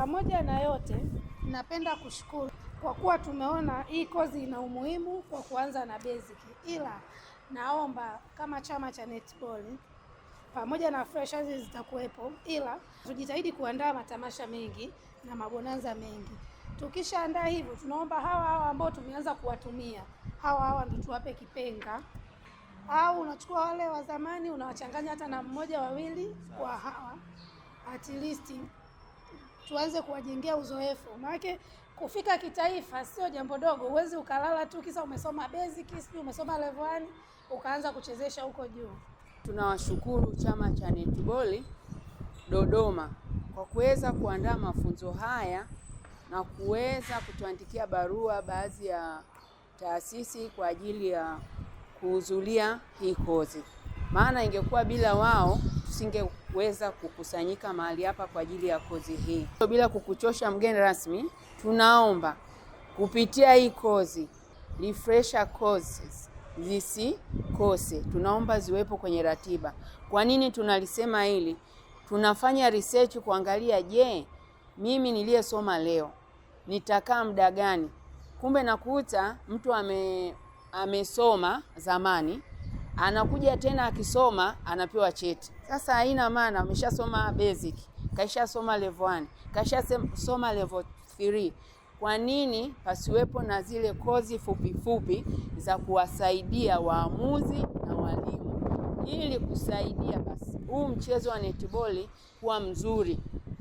Pamoja na yote, napenda kushukuru kwa kuwa tumeona hii kozi ina umuhimu kwa kuanza na basic, ila naomba kama chama cha netball pamoja na freshers zitakuwepo, ila tujitahidi kuandaa matamasha mengi na mabonanza mengi. Tukishaandaa hivyo, tunaomba hawa hawa ambao tumeanza kuwatumia hawa hawa ndio tuwape kipenga, au unachukua wale wa zamani unawachanganya hata na mmoja wawili kwa hawa at least tuanze kuwajengea uzoefu, maanake kufika kitaifa sio jambo dogo. Huwezi ukalala tu kisa umesoma basic, sio umesoma level 1 ukaanza kuchezesha huko juu. Tunawashukuru chama cha netiboli Dodoma kwa kuweza kuandaa mafunzo haya na kuweza kutuandikia barua baadhi ya taasisi kwa ajili ya kuhudhuria hii kozi, maana ingekuwa bila wao tusingeweza kukusanyika mahali hapa kwa ajili ya kozi hii. Bila kukuchosha mgeni rasmi, tunaomba kupitia hii kozi refresher courses zisikose, tunaomba ziwepo kwenye ratiba. Kwa nini tunalisema hili? Tunafanya research kuangalia, je, mimi niliyesoma leo nitakaa muda gani? Kumbe nakuta mtu ame amesoma zamani anakuja tena akisoma anapewa cheti. Sasa haina maana, ameshasoma basic, kaishasoma level 1, kaishasoma level 3. Kwa nini pasiwepo na zile kozi fupi fupi za kuwasaidia waamuzi na walimu ili kusaidia basi huu mchezo wa netiboli kuwa mzuri?